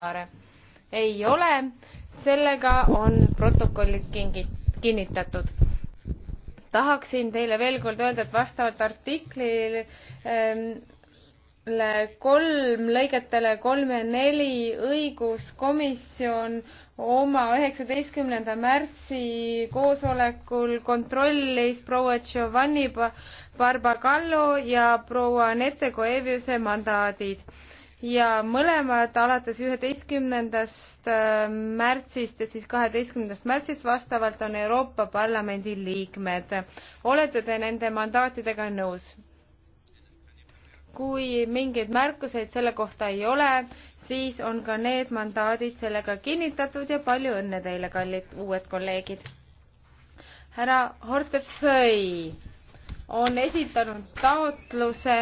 kommentaare? ei ole, sellega on protokollid kingi-, kinnitatud. tahaksin teile veel kord öelda, et vastavalt artiklile ehm, kolm lõigetele kolm ja neli õiguskomisjon oma üheksateistkümnenda märtsi koosolekul kontrollis proua Giovanni Barbagallo ja proua Anette Coeviuse mandaadid ja mõlemad alates üheteistkümnendast äh, märtsist ja siis kaheteistkümnendast märtsist vastavalt on Euroopa Parlamendi liikmed. olete te nende mandaatidega nõus? kui mingeid märkuseid selle kohta ei ole, siis on ka need mandaadid sellega kinnitatud ja palju õnne teile, kallid uued kolleegid. härra Hortefeuille on esitanud taotluse